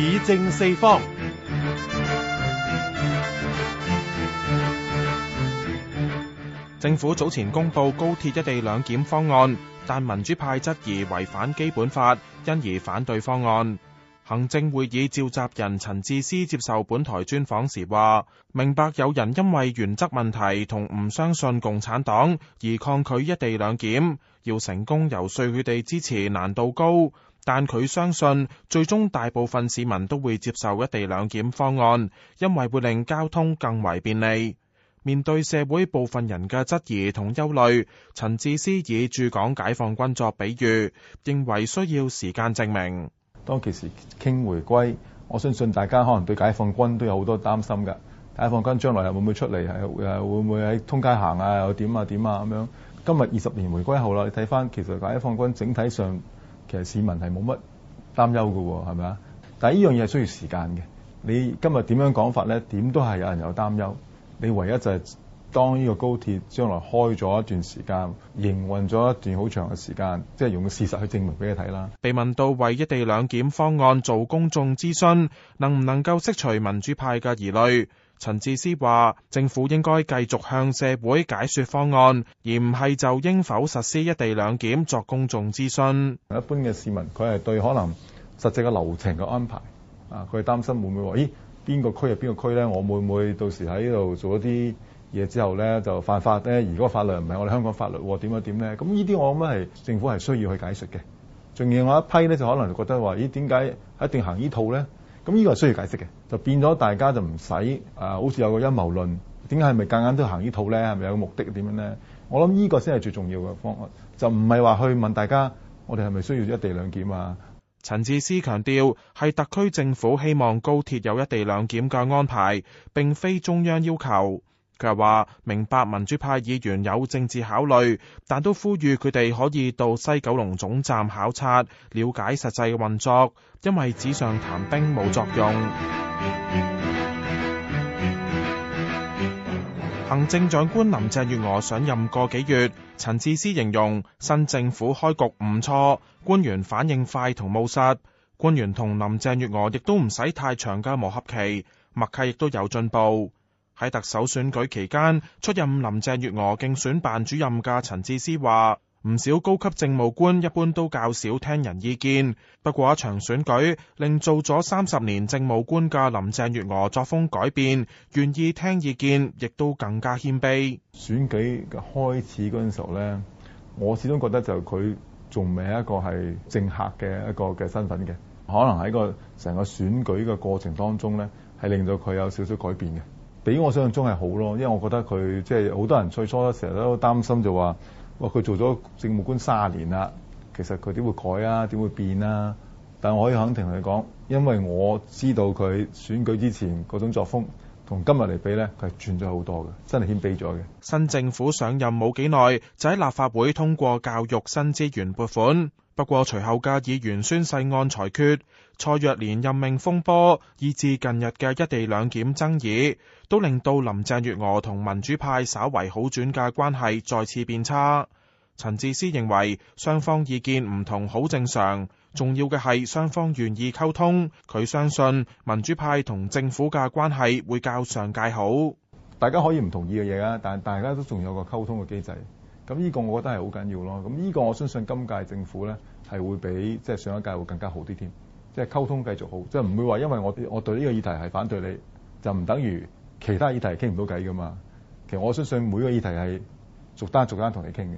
議政四方。政府早前公布高鐵一地兩檢方案，但民主派質疑違反基本法，因而反對方案。行政會議召集人陳智思接受本台專訪時話，明白有人因為原則問題同唔相信共產黨而抗拒一地兩檢，要成功游說佢哋支持難度高。但佢相信，最終大部分市民都會接受一地兩檢方案，因為會令交通更為便利。面對社會部分人嘅質疑同憂慮，陳智思以駐港解放軍作比喻，認為需要時間證明。當其時傾回歸，我相信大家可能對解放軍都有好多擔心㗎。解放軍將來又會唔會出嚟？又會唔會喺通街行啊？又點啊點啊咁樣？今日二十年回歸後啦，你睇返其實解放軍整體上。其實市民係冇乜擔憂㗎喎，係咪啊？但係呢樣嘢係需要時間嘅。你今日點樣講法咧？點都係有人有擔憂。你唯一就係當呢個高鐵將來開咗一段時間，營運咗一段好長嘅時間，即係用個事實去證明俾你睇啦。被問到為一地兩檢方案做公眾諮詢，能唔能夠釋除民主派嘅疑慮？陳智思話：政府應該繼續向社會解說方案，而唔係就應否實施一地兩檢作公眾諮詢。一般嘅市民佢係對可能實際嘅流程嘅安排啊，佢係擔心會唔會話，咦，邊個區係邊個區咧？我會唔會到時喺呢度做一啲嘢之後咧就犯法咧？如果法律唔係我哋香港法律，點樣點咧？咁呢啲我諗係政府係需要去解說嘅。仲有另外一批咧，就可能覺得話，咦，點解一定行呢套咧？咁呢個係需要解釋嘅，就變咗大家就唔使啊，好似有個陰謀論，點解係咪夾硬都行呢套呢？係咪有個目的點樣呢？我諗呢個先係最重要嘅方案，就唔係話去問大家，我哋係咪需要一地兩檢啊？陳智思強調，係特區政府希望高鐵有一地兩檢嘅安排，並非中央要求。佢又話：明白民主派議員有政治考慮，但都呼籲佢哋可以到西九龍總站考察，了解實際嘅運作，因為紙上談兵冇作用。 行政長官林鄭月娥上任個幾月，陳智思形容新政府開局唔錯，官員反應快同務實，官員同林鄭月娥亦都唔使太長嘅磨合期，默契亦都有進步。喺特首選舉期間出任林鄭月娥競選辦主任嘅陳智思話，唔少高級政務官一般都較少聽人意見。不過一場選舉令做咗三十年政務官嘅林鄭月娥作風改變，願意聽意見，亦都更加謙卑。選舉開始嗰陣時候咧，我始終覺得就佢仲未係一個係政客嘅一個嘅身份嘅，可能喺個成個選舉嘅過程當中咧，係令到佢有少少改變嘅。比我想象中係好咯，因為我覺得佢即係好多人最初成日都擔心就話，哇！佢做咗政務官三年啦，其實佢點會改啊？點會變啊？但我可以肯定同你講，因為我知道佢選舉之前嗰種作風同今日嚟比咧，佢係轉咗好多嘅，真係謙卑咗嘅。新政府上任冇幾耐，就喺立法會通過教育新資源撥款。不過，隨後嘅議員宣誓案裁決、蔡若蓮任命風波，以至近日嘅一地兩檢爭議，都令到林鄭月娥同民主派稍為好轉嘅關係再次變差。陳智思認為雙方意見唔同好正常，重要嘅係雙方願意溝通。佢相信民主派同政府嘅關係會較上屆好。大家可以唔同意嘅嘢啊，但大家都仲有個溝通嘅機制。咁呢個我覺得係好緊要咯，咁、這、呢個我相信今屆政府咧係會比即係上一屆會更加好啲添，即係溝通繼續好，即係唔會話因為我我對呢個議題係反對你，就唔等於其他議題傾唔到偈噶嘛。其實我相信每個議題係逐單逐單同你傾嘅，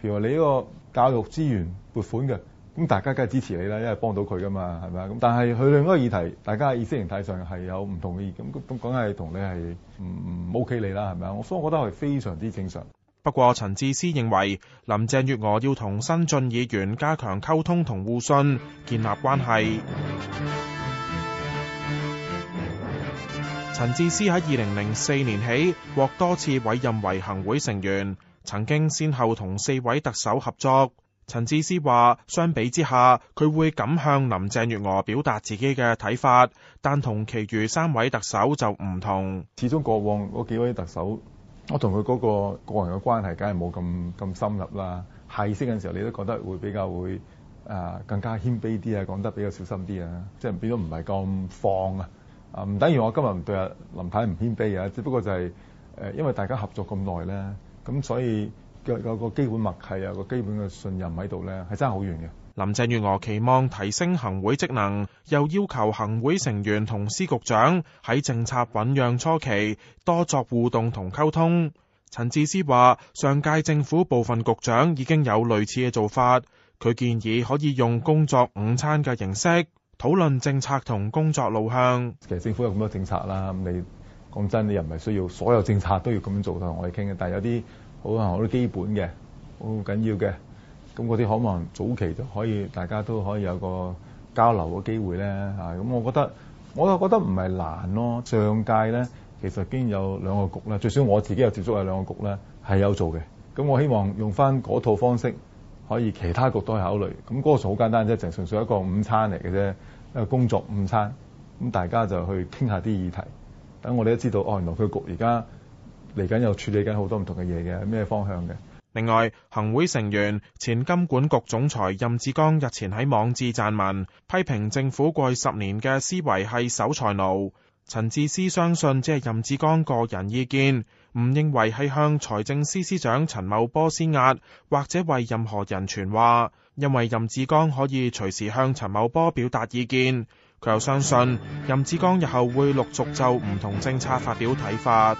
譬如話你呢個教育資源撥款嘅，咁大家梗係支持你啦，因為幫到佢噶嘛，係咪啊？咁但係佢另一個議題，大家嘅意識形態上係有唔同嘅，咁咁講係同你係唔唔 OK 你啦，係咪啊？所以我覺得係非常之正常。不過，陳智思認為林鄭月娥要同新進議員加強溝通同互信，建立關係。陳智思喺二零零四年起獲多次委任為行會成員，曾經先後同四位特首合作。陳智思話：相比之下，佢會敢向林鄭月娥表達自己嘅睇法，但同其餘三位特首就唔同。始終過往嗰幾位特首。我同佢嗰個個人嘅關係，梗係冇咁咁深入啦。係識嘅時候，你都覺得會比較會誒更加謙卑啲啊，講得比較小心啲啊，即係變咗唔係咁放啊。啊，唔等於我今日唔對阿林太唔謙卑啊，只不過就係誒，因為大家合作咁耐咧，咁所以有有個基本默契啊，個基本嘅信任喺度咧，係爭好遠嘅。林鄭月娥期望提升行會職能，又要求行會成員同司局長喺政策醞釀初期多作互動同溝通。陳智思話：上屆政府部分局長已經有類似嘅做法，佢建議可以用工作午餐嘅形式討論政策同工作路向。其實政府有咁多政策啦，咁你講真，你又唔係需要所有政策都要咁做同我哋傾嘅，但係有啲好啊，好基本嘅，好緊要嘅。咁嗰啲可望早期就可以，大家都可以有個交流嘅機會咧吓，咁我覺得，我又覺得唔係難咯。上屆咧，其實已經有兩個局啦，最少我自己有接觸有兩個局咧，係有做嘅。咁、嗯、我希望用翻嗰套方式，可以其他局都去考慮，咁、嗯、嗰、嗰個就好簡單啫，就、呃、純粹一個午餐嚟嘅啫，一個工作午餐。咁、嗯、大家就去傾下啲議題，等我哋都知道，哦，原來佢局而家嚟緊又處理緊好多唔同嘅嘢嘅，咩方向嘅？另外，行會成員前金管局總裁任志剛日前喺網誌撰文，批評政府過去十年嘅思維係守財奴。陳智思相信，即係任志剛個人意見，唔認為係向財政司司長陳茂波施壓，或者為任何人傳話，因為任志剛可以隨時向陳茂波表達意見。佢又相信，任志剛日後會陸續就唔同政策發表睇法。